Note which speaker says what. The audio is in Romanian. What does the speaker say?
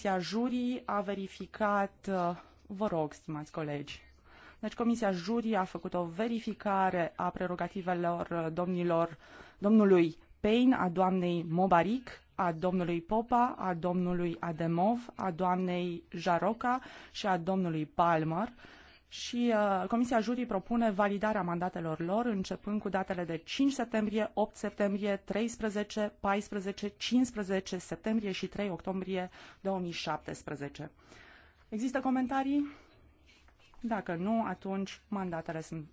Speaker 1: Comisia Jurii a verificat, uh, vă rog, stimați colegi, deci Comisia Jurii a făcut o verificare a prerogativelor uh, domnilor, domnului Payne, a doamnei Mobaric, a domnului Popa, a domnului Ademov, a doamnei Jaroca și a domnului Palmer și uh, Comisia Jurii propune validarea mandatelor lor începând cu datele de 5 septembrie, 8 septembrie, 13, 14, 15 septembrie și 3 octombrie 2017. Există comentarii? Dacă nu, atunci
Speaker 2: mandatele sunt